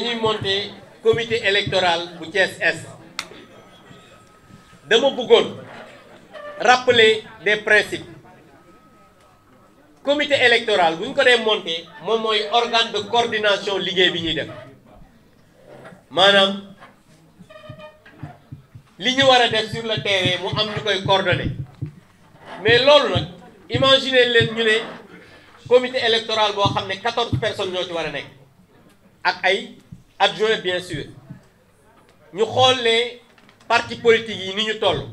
nous monté le comité électoral bu Thiès Est dama bëggoon rappeler des principes comité électoral vous ko dee monter moom organe de coordination liggéey bi ñuy def maanaam li def sur le terrain mu am coordonner mais loolu nag le leen ñu comité électoral boo 14 personnes ñoo ci adjoint bien sûr nous xool les partis politiques yi ni ñu nous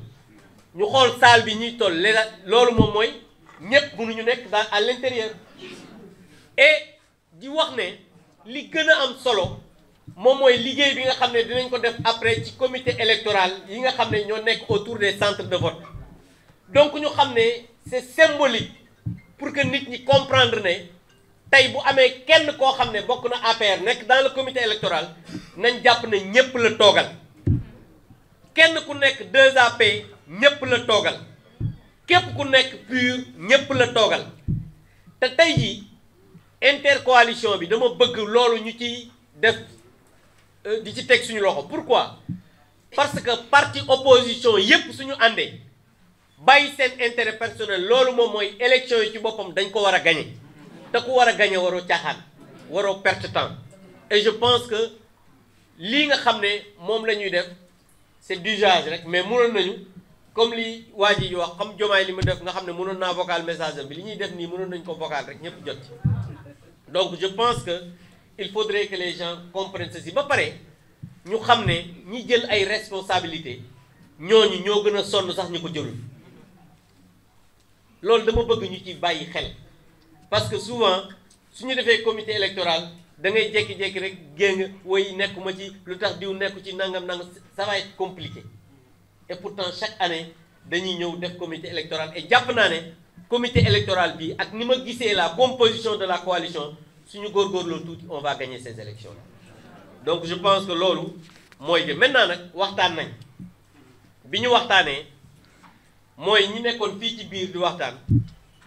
ñu xool salle bi nous toll léegi loolu moom mooy nous sommes à l'intérieur et di wax ne li gën a am solo moom mooy liggéey bi nga xam ne dinañ ko def après ci comité électoral yi nga xam ne autour des centres de vote donc nous savons que c'est symbolique pour que nit ñi comprendre tey bu amee kenn koo xam ne bokk na affaire nekk dans le comité électoral nañ jàpp ne ñépp la toogal kenn ku nekk à ap ñépp la toogal képp ku nekk PUR ñépp la toogal te tey jii intercoalition bi dama bëgg loolu ñu ci def euh, di ci teg suñu loxo pourquoi parce que parti opposition yépp suñu àndee bàyyi seen intérêt personnel loolu moom mooy élection yi ci boppam dañ ko war a gagner te ku war a gagné waroo caaxaan waroo perte temps et je pense que lii nga xam ne moom la ñuy def c' est rek mais mënoon nañu comme li waa ji wax xam jomaay li mu def nga xam ne mënoon vocal message am bi li ñuy def nii mënoon nañu ko vocal rek ñëpp jot donc je pense que il faudrait que les gens comprennent ceci ba pare ñu xam ne ñi jël ay responsabilité ñooñu ñoo gëna a sonn sax ñuko ko jëlul dama bëgg ñu ci bayyi xel parce que souvent nous ñu un comité électoral da ngay jékki-jékki rek génn woy nekuma ci lutax tax diw nekku ci nangam nang ça va être compliqué et pourtant chaque année dañuy ñëw def comité électoral et japp naa comité électoral bi ak nima gissé la composition de la coalition suñu lo tout, on va gagner ces élections là donc je pense que lolu moy que maintenant nak waxtaan nañ biñu waxtané moy ñi nekkoon fi ci biir di waxtaan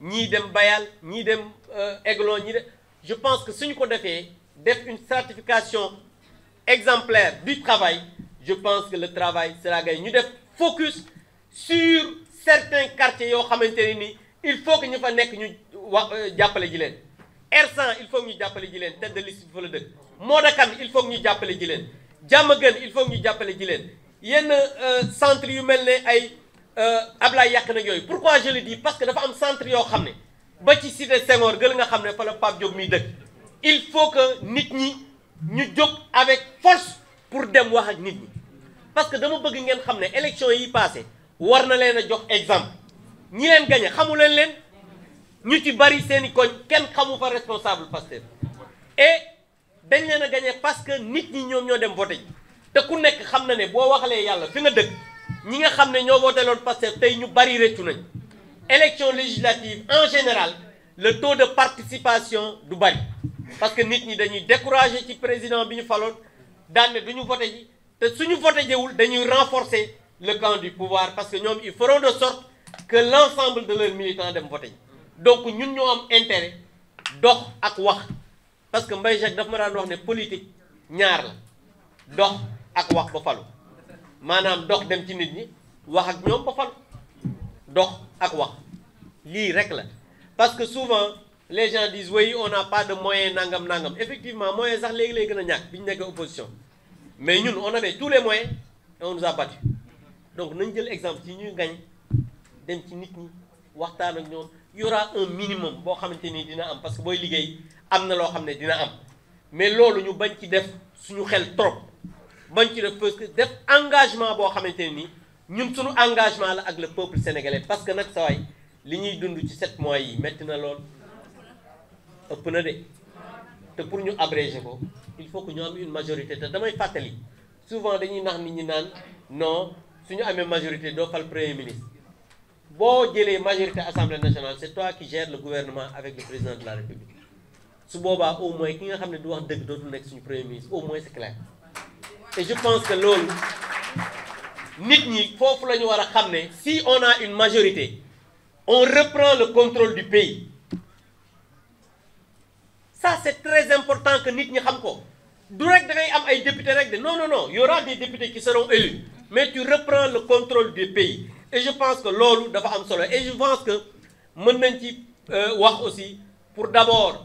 ni dem Bayal ni dem eglon euh, ni je pense que suñu ko defee def une certification exemplaire du travail je pense que le travail sera gagné ñu def focus sur certains quartiers yo xamanteni ni il faut que ñu fa nek ñu jappalé euh, jàppale ji r100 il faut que ñu jappalé ji len tête de liste fa les dëkk Modakam il faut que ñu jappalé ji len Jamagan il faut que ñu jappalé ji len yenn euh, centre yu melné ay euh, Ablaye Yak na yooyu pourquoi je le dis parce que dafa am centre yo xamné ba ci cité Senghor gël nga xamné ne fa la Pape Diop miy dëkk il faut que nit ñi ñu jóg avec force pour dem wax ak nit ñi parce que dama bëgg ngeen xamné élection yi passé war na leena jox exemple ñi leen gañe xamu leen leen ñu ci bari seeni koñ ken xamu fa responsable Pastef et dañ leena a parce que nit ñi ñom ñoo dem voter ji te ku nekk xam na ne boo waxalee yàlla fi nga dëkk nous nga que ne avons voté Pastef tey ñu bari réccu nañ législative en général le taux de participation du bari parce que nous, ñi dañuy découragé ci président nous ñu faloon et ne nous voté nous te voté renforcer le camp du pouvoir parce que nous, ils feront de sorte que l'ensemble de leurs militants dem voté donc nous, avons am intérêt dox ak wax parce que Mbaye Jacques dafa ma daan wax politique ñaar la dox ak wax manam dox dem ci nit ñi wax ak ñoom ba fal dox ak wax li rek la parce que souvent les gens disent oui on n'a pas de moyens nangam nangam effectivement moyens sax légui lay gëna ñak ñàkk nekk opposition mais ñun on avait tous les moyens et on nous a battu donc nañ jël exemple ci ñu gañ dem ci nit ñi waxtaan ak ñoom y aura un minimum bo xamanteni dina am parce que boy liggéey am na xamné dina am mais lolu ñu bañ ci def suñu xel trop bañ ci que def engagement boo nous ne nii engagement la ak le peuple sénégalais parce que nous sawaay li ñuy dund ci 7 mois yi nous na lool ëpp na de pour nous abréger il faut que nous ayons une majorité te damay fàttali souvent dañuy nax nit ñi naan non suñu majorité doo le premier ministre boo jëlee majorité assemblée nationale c'est toi qui gères le gouvernement avec le président de la république su boobaa au moins ki nga xam ne du wax dëgg suñu premier ministre au moins c'est clair et je pense que l'on, si on a une majorité, on reprend le contrôle du pays. Ça, c'est très important que nous de Non, non, non. Il y aura des députés qui seront élus. Mais tu reprends le contrôle du pays. Et je pense que l'OLU doit Et je pense que euh, wax aussi, pour d'abord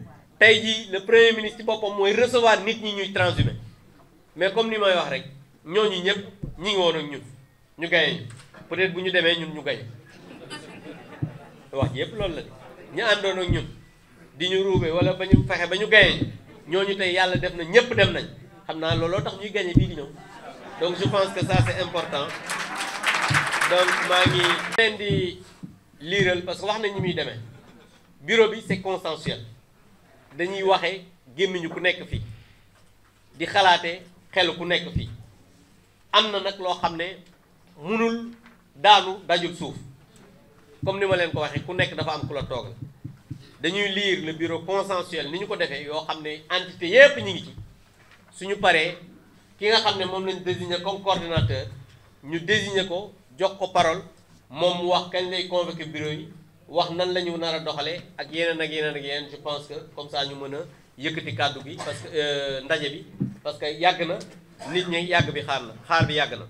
tey jii le premier ministre ci boppam mooy recevoir nit ñi ñuy transhumé mais comme ni may wax rek ñooñu ñëpp ñi ngi woon ak ñun ñu gaye ñu peut-être bu ñu demee ñun ñu gaye wax ji yëpp loolu la de ñu àndoon ak ñun di ñu ruube wala ba ñu fexe ba ñu gaye ñu ñooñu tey yàlla def na ñëpp dem nañ xam naa looloo tax ñuy gañe bii di ñëw donc je pense que ça c'est important donc maa ngi leen di liiral parce que wax nañ ni muy demee bureau bi c'est consensuel. dañuy waxe gémmiñu ku nekk fii di xalaate xelu ku nekk fii am na nag loo xam ne munul daanu dajul suuf comme ni ma leen ko waxe ku nekk dafa am ku la toogal dañuy lire la bureau consensuel ni ñu ko defee yoo xam ne entité yépp ñi ngi ci suñu paree ki nga xam ne moom lañu désigné comme ordinateur ñu désigné ko jox ko parole moom mu wax kañ lay convoqué bureau yi wax nan lañu ñu nar a ak yeneen ak yeneen ak yeneen je pense que comme ça ñu mën a yëkkati kàddu gi parce que euh, ndaje bi parce que yàgg na nit ñi yàgg bi xaar na xaar bi yàgg na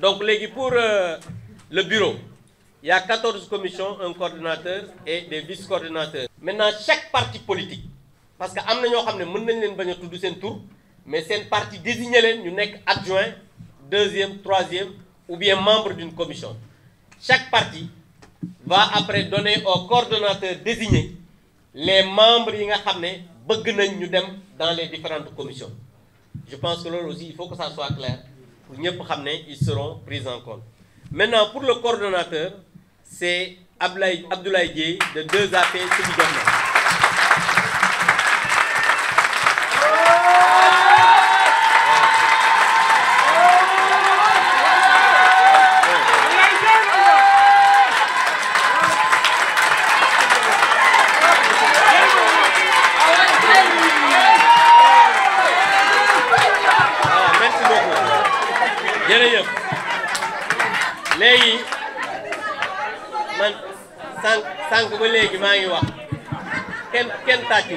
donc léegi pour euh, le bureau il y a 14 commissions un coordinateur et des vice-coordinateurs maintenant chaque parti politique parce que am na ñoo xam ne mën nañ leen bañ a tudd seen tur mais seen parti désigné leen ñu nekk adjoint deuxième troisième ou bien membre d'une commission chaque parti va après donner au coordonnateur désigné les membres qui nga dans les différentes commissions je pense que là aussi il faut que ça soit clair pour que ils seront pris en compte maintenant pour le coordonnateur c'est Abdoulaye de 2AP Sibi maa ngi wax kenn kenn tàccu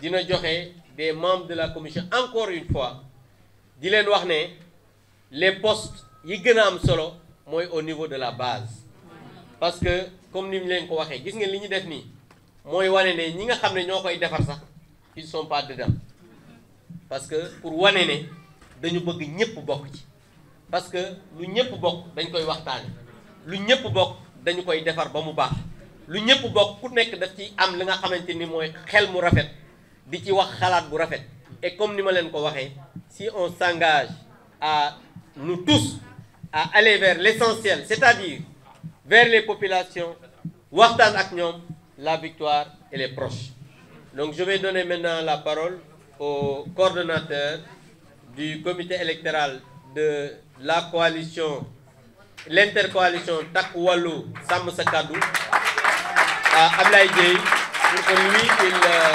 dina joxé des membres de la commission encore une fois di len wax né les postes yi gëna am solo moy au niveau de la base parce que comme ni ñu leen ko waxé gis ngeen li ñu def ni moy wane né ñi nga xamné ñokoy défar sax ils sont pas dedans parce que pour wane né dañu bëgg ñëpp bok ci parce que lu ñëpp bok dañ koy waxtaan lu ñëpp bok dañ koy défar ba mu baax lu ñëpp bok ku nekk daf ci am li nga xamanteni ni xel mu rafet et comme nous ma dit, si on s'engage à nous tous à aller vers l'essentiel c'est-à-dire vers les populations la victoire est proche donc je vais donner maintenant la parole au coordonnateur du comité électoral de la coalition l'intercoalition Takwalu-Samusakadu, à Ablaye pour lui euh,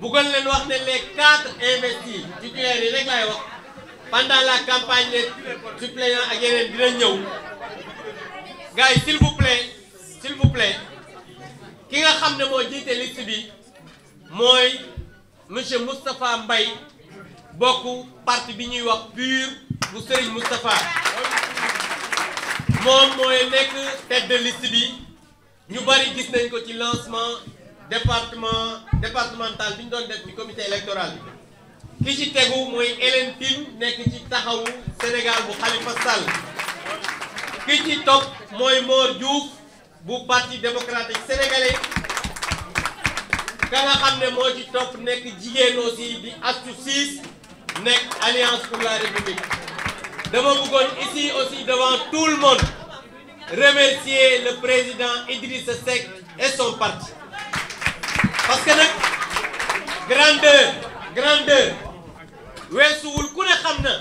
Vous leen wax les quatre investis titulaires yi pendant la campagne suppléant à ak yeneen dinañ s'il vous plaît s'il vous plaît ki nga xam ne moo jiite liste bi mooy monsieur Moustapha Mbaye beaucoup, parti bi ñuy wax PUR bu Serigne Moustapha moom mooy nekk tête de liste bi ñu bari gis nañ ko ci lancement département départemental bi ñu doon def ci comité électoral bi ki ci tegu mooy Hélène nekk ci Sénégal bu Khalifa Sall ki ci topp mooy Mor Diouf bu parti démocratique sénégalais ka nga xam ne moo ci topp nekk jigéen aussi di Astou 6 nekk alliance pour la république dama bëggoon ici aussi devant tout le monde remercier le président Idriss Seck et son parti parce que nag grandeur grandeur weesuwul ku ne xam na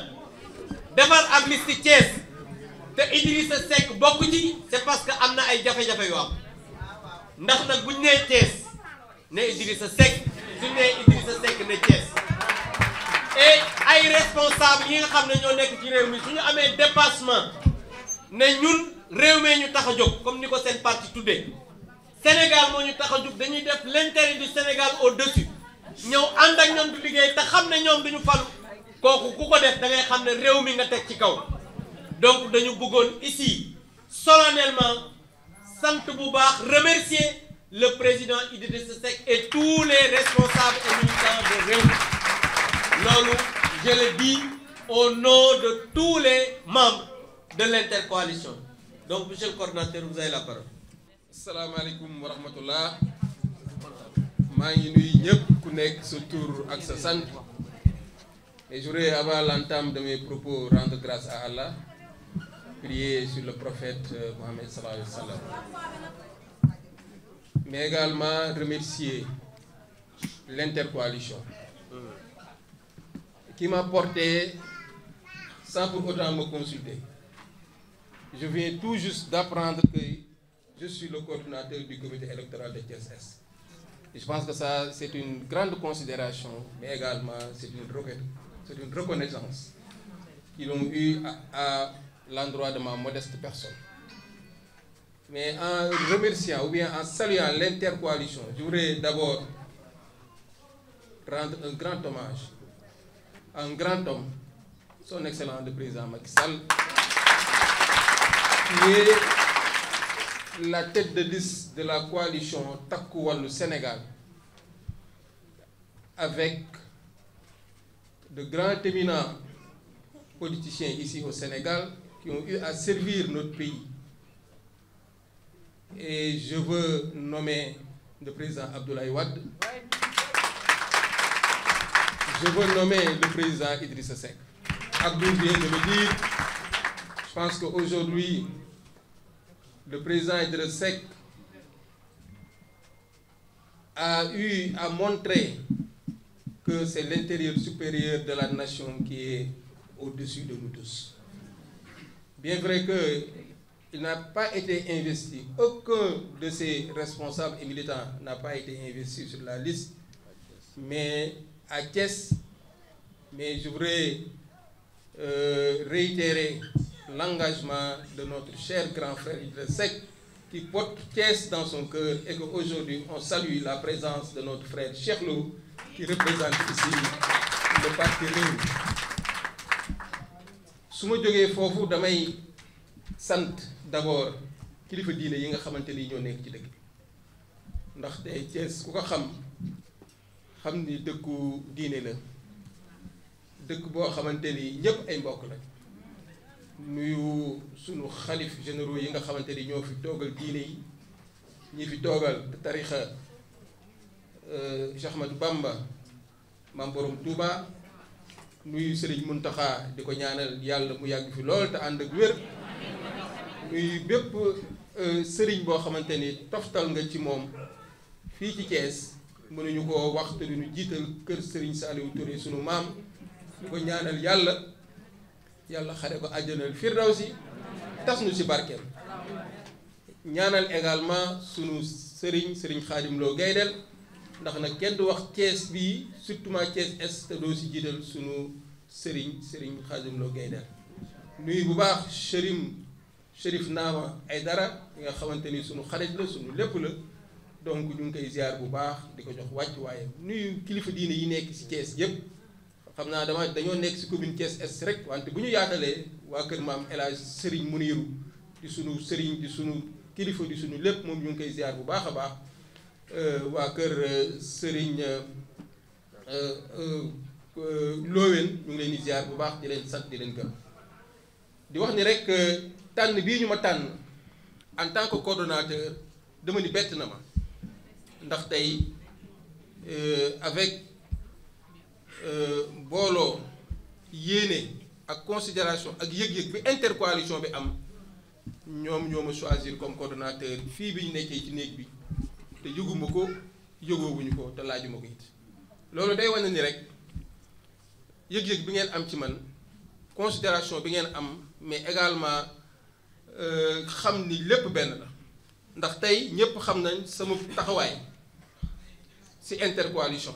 defar ab liste Thiès te Idrissa Seck bokk ci c'est parce que amna ay jafé jafé yoo am ndax nak buñ né Thiès né Idrissa Seck suñ nee Idrissa Seck né Thiès et ay responsable yi nga xam ñoo nek ci réew mi suñu amé dépassement né ñun réew mee ñu tax comme niko sen parti tuddee Sénégal nous avons l'intérêt du Sénégal au-dessus Nous avons ak du Sénégal donc nous bëggoon ici solennellement remercier le président Idriss Seck et tous les responsables et militants de Réunion. je le dis au nom de tous les membres de l'intercoalition donc monsieur le coordonnateur vous avez la parole Assalamu wa rahmatullah Ma suis venu ku ce tour et je voudrais avant l'entame de mes propos rendre grâce à Allah prier sur le prophète euh, Mohamed sallallahu alayhi mais également remercier l'intercoalition qui m'a porté sans pour autant me consulter je viens tout juste d'apprendre que je suis le coordinateur du comité électoral de TSS. je pense que ça, c'est une grande considération, mais également c'est une, reconnaissance qu'ils ont eue à, l'endroit de ma modeste personne. Mais en remerciant ou bien en saluant l'intercoalition, je voudrais d'abord rendre un grand hommage à un grand homme, son excellent président Macky Sall, qui la tête de liste de la coalition au Sénégal avec de grands éminents politiciens ici au Sénégal qui ont eu à servir notre pays. Et je veux nommer le président Abdoulaye Wade. Je veux nommer le président Idrissa Seck. Abdoul vient de me dire. Je pense qu'aujourd'hui, le président Idresek a eu à montrer que c'est l'intérieur supérieur de la nation qui est au-dessus de nous tous. Bien vrai qu'il n'a pas été investi, aucun de ses responsables et militants n'a pas été investi sur la liste, mais à Thiès, mais je voudrais euh, réitérer l'engagement de notre cher grand frère Idriss Seck, qui porte pièce dans son cœur et qu'aujourd'hui, on salue la présence de notre frère Lou, qui représente ici le parti Réunion. su ma jógee damay sant d'abord kilifa diine yi nga xamante ni ñoo nekk ci dëkk bi ndax tey Thiès ku ko xam xam ni dëkku diine la dëkk boo xamante ni ay mbokk lañ nuyu sunu xalif généraux yi nga xamante ni ñoo fi toogal diine yi ñi fi toogal tarixa euh, Cheikh Ahmadou Bamba maam borom Touba nuyu mun Mountakha di ko ñaanal yàlla mu yàgg fi lool te ànd ak wér nuyu bépp euh, Serigne boo xamante ni toftal nga ci moom fii ci Thiès mënuñu ko wax te duñu jiital kër sëriñ Saliou Touré sunu maam di ko ñaanal yàlla. يلا خليكوا أجن الفردوسي تصنو سباركين نانا الإغال ما سنو سرين سرين خادم لو غيدل نحن كنت وقت كيس بي ستو ما كيس اس تدوسي جيدل سنو سرين سرين خادم لو غيدل نوي بباخ شريم شريف ناما اي دارا يا خوانتني سنو خالج لو سنو لبلا دونك نيون كي زيار بباخ ديكو جوخ واتي واي نوي كليف ديني ينيك سي كيس يب xam naa dama dañoo nekk si commune Thiès Est rek wante bu ñu yaatalee waa kër maam El Hadj Serigne Mouniru di sunu Serigne di suñu kilifa di suñu lépp moom ñu ngi koy ziar bu baax a baax euh, waa kër euh, Serigne euh, Lowen ñu ngi leen di ziar bu baax di leen sant di leen gërëm di wax ni rek tànn bii ñu ma tànn en tant que coordonnateur dama ni bett na ma ndax tey avec. Nous euh, yéene ak considération ak yëg-yëg bi intercoalition bi am choisir comme coordonnateur fii bi ñu nekkee ci néeg bi te yëguma ko ko te laajuma ko it day man considération bi am mais également euh, xam ni lépp benn la ndax tey xam nañ sama taxawaay intercoalition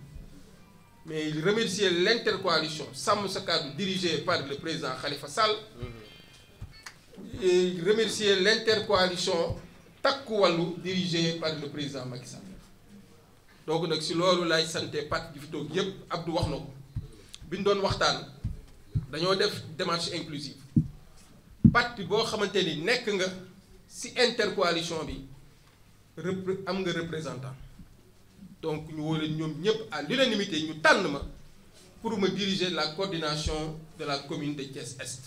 mais il remerciait l'intercoalition Sam dirigée par le président Khalifa Sall. Et il remerciait l'intercoalition Takou dirigée par le président Macky Sall. donc si santé Abdou wax Bindon Pas démarche inclusive intercoalition donc nous voulons à l'unanimité nous tànn pour me diriger la coordination de la commune de Thiès Est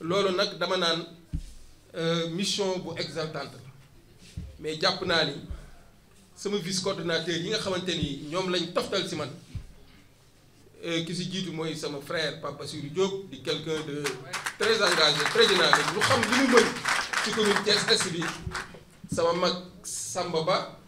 loolu nag dama naan mission bu exaltante mais jàpp naa ni sama vice coordinateur yi nga xamante ni ñoom lañ toftal ci man euh, ki ci jiitu mon sama frère Papa Sirou Diop di quelqu'un de très engagé très dynamique lu xam li mu mën ci commune Thiès Est bi sama mag Samba Ba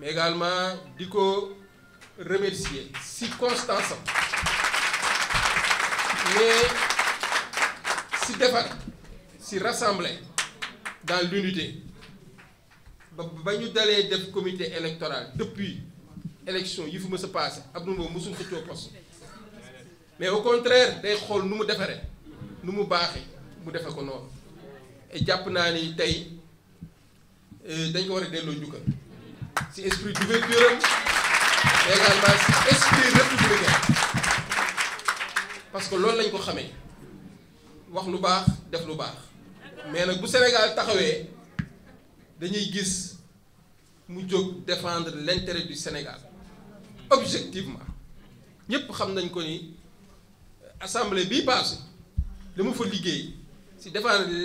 mais également dico remercier si constance mais si defar si rassembler dans l'unité ba ba ñu def comité électoral depuis élection il faut me se passé Abdou Mbow mosul poste mais au contraire day xool nous mu defaree nous mu baaxee mu ko et jàpp naa ni tey euh, dañ ko war a c'est esprit d'ouverture et également républicain parce que l'on que ko mais si le Sénégal est dañuy défendre l'intérêt du Sénégal objectivement Tout xam nañ ko ni assemblée défendre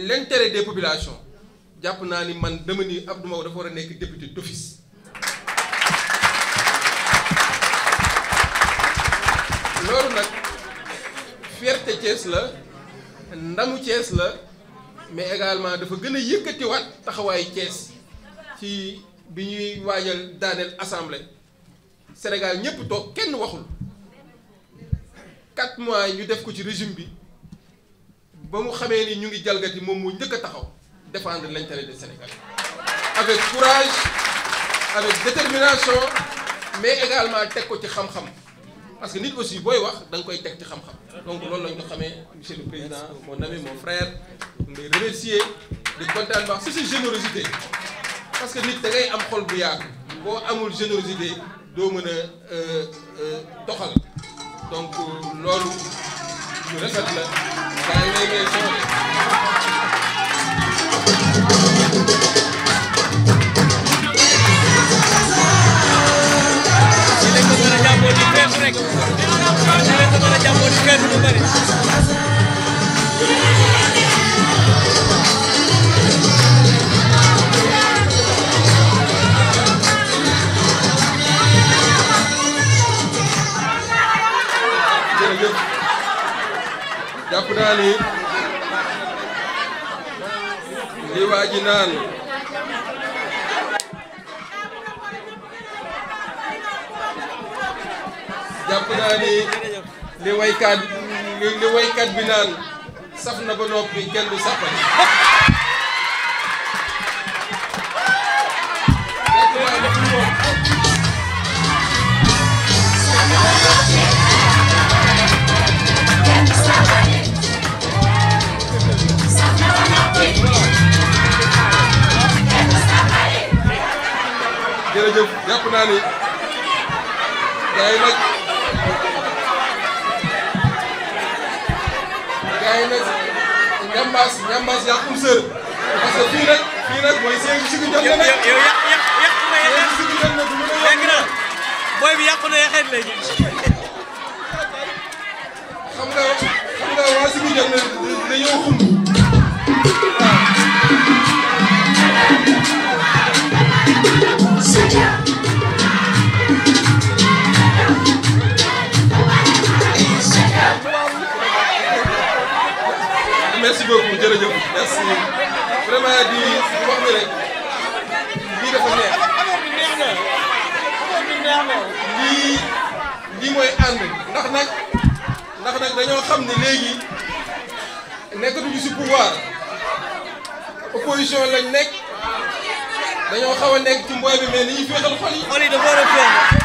l'intérêt des populations député d'office loolu nag fierté Thiès la ndamu Thiès la mais également dafa gën a yëkkatiwaat taxawaayu Thiès ci bi ñuy waajal daaneel assemblée Sénégal ñëpp toog kenn waxul quatre mois ñu def ko ci régime bi ba mu xamee ni ñu ngi jalgati moom moo njëkk a taxaw défendre l'intérêt des Sénégalais avec courage avec détermination mais également teg ko ci xam-xam. parce que nous aussi vous voyez, nous donc monsieur le président mon ami mon frère remercier générosité parce que nous avons générosité euh, euh, donc nous euh, nous rek di leen ko naa ni naan. jàpp naa ni li waykat li waykat bi naan saf na ba noppi kenn du sàppali jërëjëf jàpp naa ni gars yi nag waaye nag ñambaas ñambaas yaa am sër parce que fii nag fii nag mooy séntu si bi jot na nag. yow yow yàq yàq yàq na yéen si bi jot na du mën a yàq na booy bi yàq na yéexeet léegi. xam nga xam nga waa si bi jot na dañoo xumb. waaw. merci beaucoup jërëjëf merci vraiment di wax ni rek lii dafa neex. lii lii mooy ànd ndax nag ndax nag dañoo xam ne léegi nekkatuñu si pouvoir opposition lañ nekk dañoo xaw nekk ci mbooy bi mais ni ñuy féexal xol yi. xol yi dafa war a feeñ.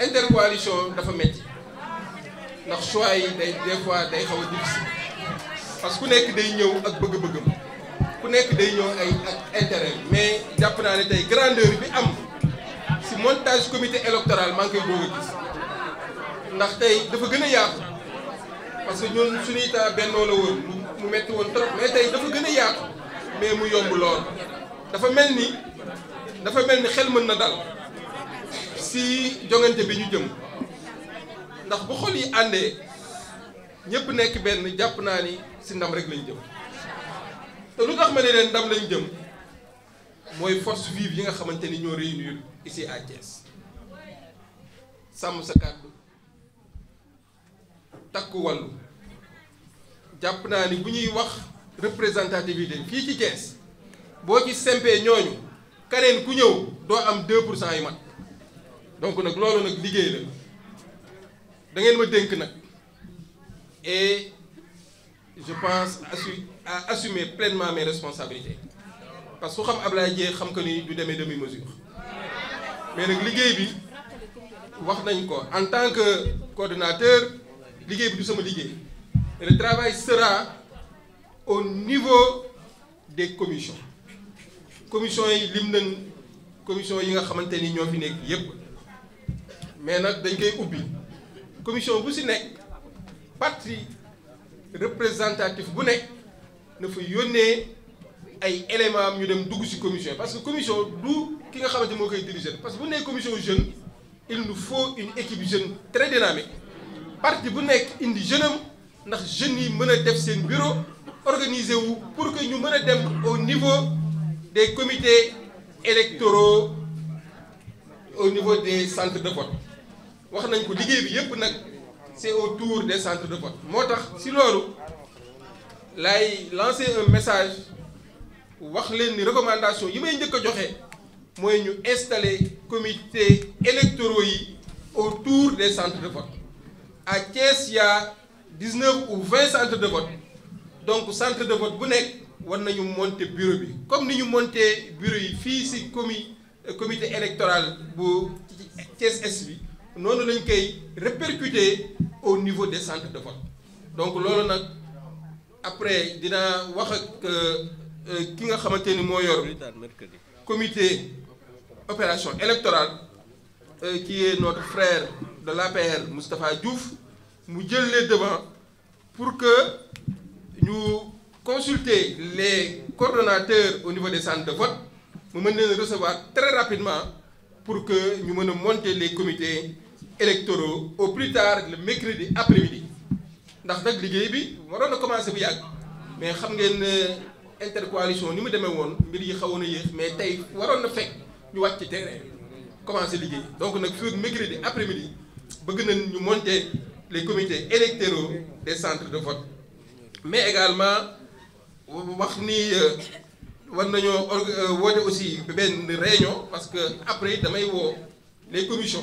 intercoalition dafa metti ndax choix yi day des fois day xaw a difficile parce que ku nekk day ñëw ak bëgg-bëggam ku nekk day ñëw ay ak intérêt mais jàpp naa ne tey grandeur bi am si montage comité électoral maa ngi koy doog a gis ndax tey dafa gën a yaatu parce que ñun suñuy taa bennoo la woon mu metti woon trop mais tey dafa gën a yaatu mais mu yomb lool dafa mel ni dafa mel ni xel mën na dal. si jongante bi ñu jëm ndax bu xol yi àndee ñëpp nekk benn jàpp naa ni si ndam rek lañ jëm te lu tax ma ne leen ndam lañ jëm mooy force vive yi nga xamante ni ñoo réunir ici à Thiès sàmm sa kàddu takku wàllu jàpp naa ni bu ñuy wax représentativité fii ci Thiès boo ci sempee ñooñu kaneen ku ñëw doo am 2 pour cent yu mat donc nak loolu nak liggéey la da ngeen ma denk nak. et je pense à assumer pleinement mes responsabilités parce que xam Ablaye Dieng xam que ni du demi mesures mais nak liggéey bi wax nañ ko en tant que coordinateur liggéey bi du sama liggéey le travail sera au niveau des commissions commission yi lim nañ commission yi nga xamanteni ñoo fi mais nak dañ koy ubbi commission bu si nek parti représentatif bu nek na fa ay éléments ñu dem dugg la commission parce que commission du ki nga xamante mo koy diriger parce que bu nek commission jeune il nous faut une équipe jeune très dynamique parti bu nek indi jeune ndax jeunes yi def bureau organiser wu pour que ñu mën au niveau des comités électoraux au niveau des centres de vote c'est autour des centres de vote si loolu lay lancer un message wax leen ni recommandation yi may njëkk a comité électoral autour des centres de vote à Thiès il y a 19 ou 20 centres de vote donc centre de vote bu nekk war nañu bureau bi comme ni ñu monter bureau yi fii comité électoral bu Thiès-Est nous avons répercuté répercuter au niveau des centres de vote donc après il wax ak euh, euh, ki nga comité opération électorale euh, qui est notre frère de l'APR Moustapha Diouf nous jël les pour que nous consulter les coordonnateurs au niveau des centres de vote Nous nous recevoir très rapidement pour que nous montions monter les comités électoraux au plus tard le mercredi après-midi ndax que le bi waroon commencer commencé mais xam ngeen ne intercoalition ni mu demee woon mbir yi xawoon a mais tey waroon fekk fait. wàcc ci terrain commencé donc le mercredi après-midi Nous nañ monter les comités électoraux des centres de vote mais également wax ni euh, euh, aussi une réunion parce que après damay les commissions.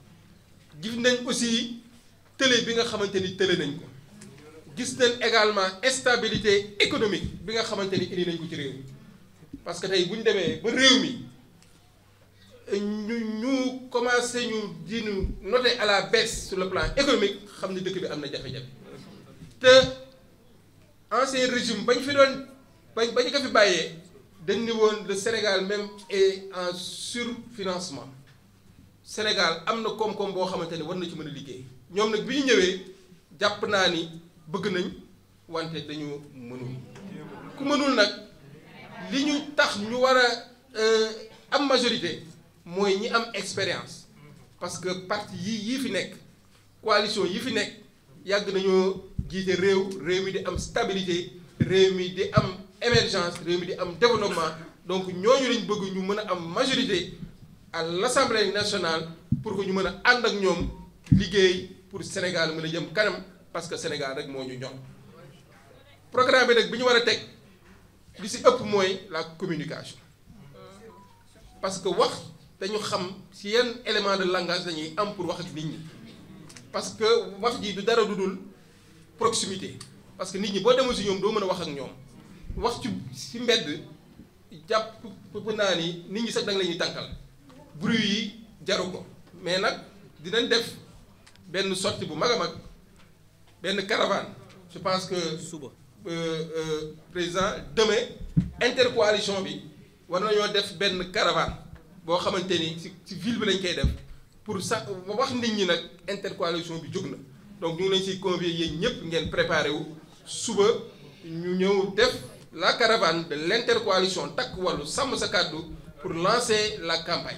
gis nañ aussi télé bi nga xamante ni télé nañ ko gis nañ également stabilité économique bi nga xamante ni indi nañ ko ci réew mi parce que tey bu ñu demee ba réew mi ñu ñu commencé ñu di ñu noter à la baisse sur le plan économique xam ni dëkk bi am na jafe-jafe te ancien régime bañ fi doon bañ bañ ko fi bàyyee dañ ni woon le Sénégal même est en surfinancement. Sénégal am na koom-koom boo xamante ne war na ci mën a liggéey ñoom nag bi ñu ñëwee jàpp naa ni bëgg nañ wante dañu mënul ku mënul nag li tax euh, am majorité Nous ñi am expérience parce que parti yifinek. fi coalition yi fi am stabilité émergence développement donc nous, lañ bëgg majorité à l'Assemblée nationale pour que ñu mën a ànd ak ñoom liggéey pour Sénégal mën a jëm kanam parce que Sénégal rek moo ñu ñor programme bi nag bi ñu war a teg li si ëpp mooy la communication parce que wax dañu xam ci yenn élément de langage lañuy am pour wax ak nit ñi parce que wax ji du dara du dul proximité parce que nit ñi boo demul ci ñoom doo mën a wax ak ñoom wax ci ci mbedd jàpp naa ni nit ñi sax da nga leen di tànkal bruit yi jaru mais nak dinañ def Ben sortie bu mag a mag benn caravane je pense que suba euh, euh, président demain intercoalition bi war nañoo def ben caravane bo xamanteni ni ci ci ville bi lañ koy def pour sax wax nit ñi nak intercoalition bi jogna donc ñu lañ ci convier yéen ñëpp ngeen préparer wu suba ñu ñëw def la caravane de l'intercoalition, tak walu sam sa kàddu pour lancer la campagne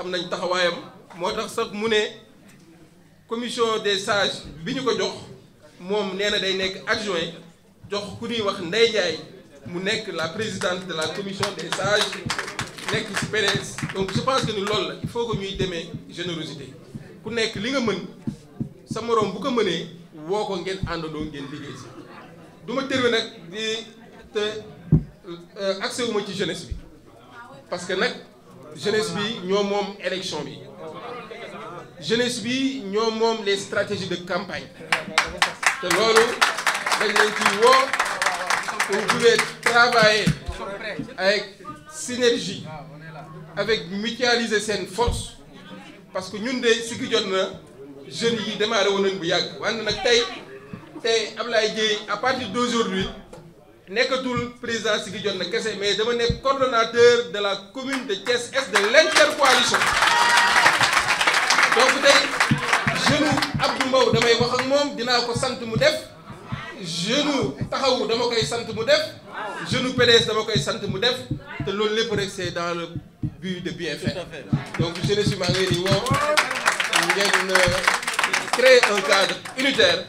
xam nañ taxawaayam moo sax mu commission des sages biñu ko jox mom néna day nekk adjoint jox ku ñuy wax Ndeye Ndiaye mu nekk la présidente de la commission des sages nekk ci donc je pense que ni loolu la il faut que ñuy démé générosité ku nekk li nga mën sa morom bu ko mëné woo ko ngeen àndandoo ngeen liggéey si du ma tërwe nag di te euh, accès wu ma ci jeunesse bi parce que nak jeunesse bi ñoo moom élection bi jeunesse bi ñoo moom les stratégies de campagne te vous pouvez travailler avec synergie avec mutualiser seen force parce que nous, de si ki démarré à partir d'aujourd'hui le président la jot na mais dama coordonnateur de la commune de Thiès de l'intercoalition donc jeune Abdou damay wax ak mom dina ko sante mu def jeune taxawu dama koy sante mu def dama koy mu dans le but de bien faire donc je suis suis ngi le euh, créer un cadre unitaire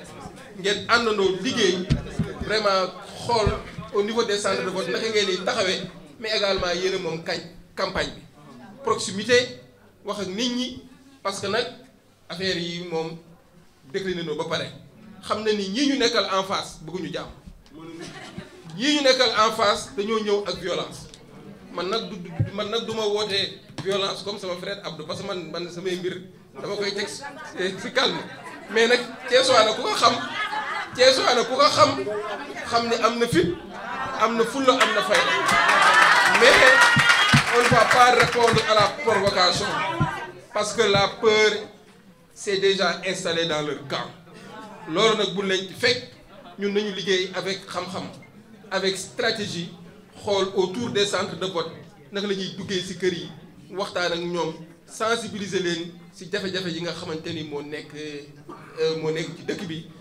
ngeen vraiment xol au niveau des centres de vote naka ngeen di mais également yéen mom campagne bi proximité wax ak nit ñi parce que nak affaire yi mom décliné no ba pare xam na ni ñi ñu nekkal en face bëggu ñu jàmm ñii ñu nekkal en face dañoo ñëw ak violence man nak du man nag du ma violence comme sama frère Abdou parce que man man samay mbir dama koy teg si calme mais nak Thiès waa na ku ko xam Thiès waa na ku ko xam xam ni amna fit am na fulla am mais on va pas répondre à la provocation parce que la peur s'est déjà installée dans leur camp loolu nag bu leen fekk ñun nañu liggéey avec xam-xam avec stratégie xool autour des centres de vote naka la ñuy duggee ci kër yi waxtaan ak ñoom sensibiliser leen ci jafe-jafe yi nga xamante ni moo nekk euh, moo nekk ci dëkk bi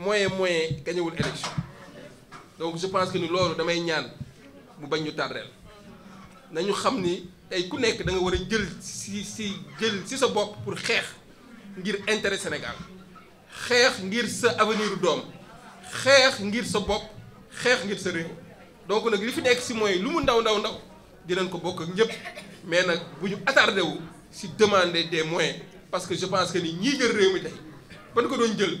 moyen moyen gañewul élection donc je pense que ni loolu damay ñaan mu bañ ñu tardel. nañu xam ni tey ku nekk da nga war jël si si jël si sa bopp pour xeex ngir intérêt Sénégal xeex ngir sa avenir doom xeex ngir sa bopp xeex ngir sa réew donc nag li fi nekk si mooy lu mu ndaw ndaw ndaw dinañ ko bokk ñëpp mais nag bu ñu attardé wu si demander des moyens parce que je pense que ni ñii jël réew mi tey ban ko doon jël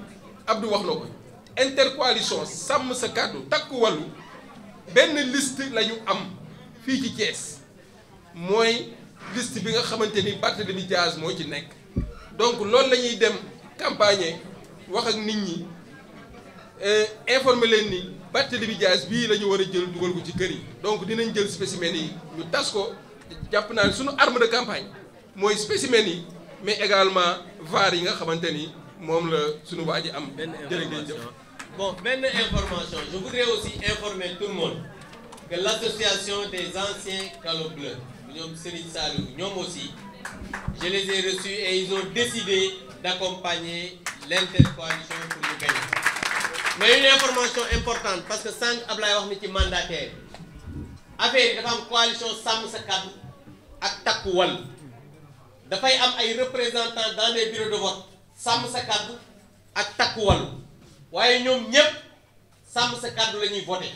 Abdou wax na ko intercoalition sàmm sa kàddu takku wàllu benn liste la am fii ci Thiès mooy liste bi nga xamante ni Barthélémy Dias moo ci nekk donc loolu lañuy dem campagne wax ak nit ñi euh, informe leen ni Barthélémy Dias bii la ñu war a jël dugal ko ci kër yi donc dinañ jël spécimen yi ñu tas ko jàpp naa ne suñu arme de campagne mooy spécimen yi mais également var yi nga xamante ni bon information je voudrais aussi informer tout le monde que l'association des anciens calots nous aussi je les ai reçus et ils ont décidé d'accompagner l'intercoalition pour le gagner mais une information importante parce que Sang Ablaye wax mandataire avec la coalition sans et kàddu il y a des représentants dans les bureaux de vote. sàmm sa kàddu ak takkuwal waaye ñoom ñépp sàmm sa kàddu la ñuy voté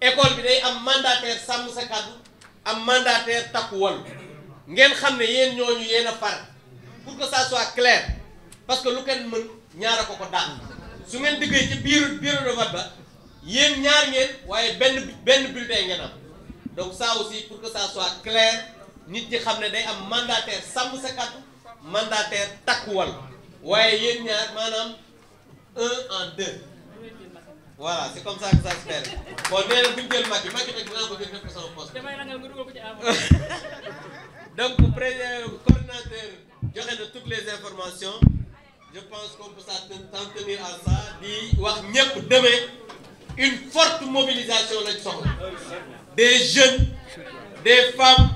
école bi day am mandataire sàmm sa kàddu am mandataire takkuwal ngeen xam ne yéen ñooñu yéen a far pour que ça soit clair parce que lu kenn mën ñaara ko ko daan su ngeen diggee ci biir bureau de ba yéen ñaar ngeen waaye benn benn bulletin ngeen am donc ça aussi pour que ça soit clair nit ñi xam ne day am mandataire sàmm sa kàddu mandataire takkuwal waaye a ñaar manam, un en deux voilà c'est comme ça que ça se fait bon nee le bu ñu jël Macky Macky vais faire ko def poste. Donc, le coordinateur j'aurai toutes les informations je pense qu'on peut s'en tenir à ça di wax ñëpp demain, une forte mobilisation des jeunes des femmes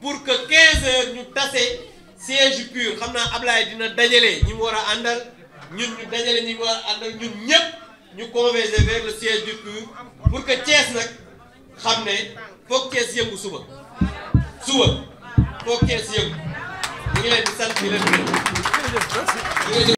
pour que 15 heures nous tassent siège pur xam naa Ablaye dina dajale ñi mu war a àndal ñun ñu dajale ñi mu war a àndal ñun ñëpp ñu converger vers le siège du pur pour que Thiès nag xam ne foog Thiès yëngu suba suba foog Thiès yëngu ñu ngi leen di sant di leen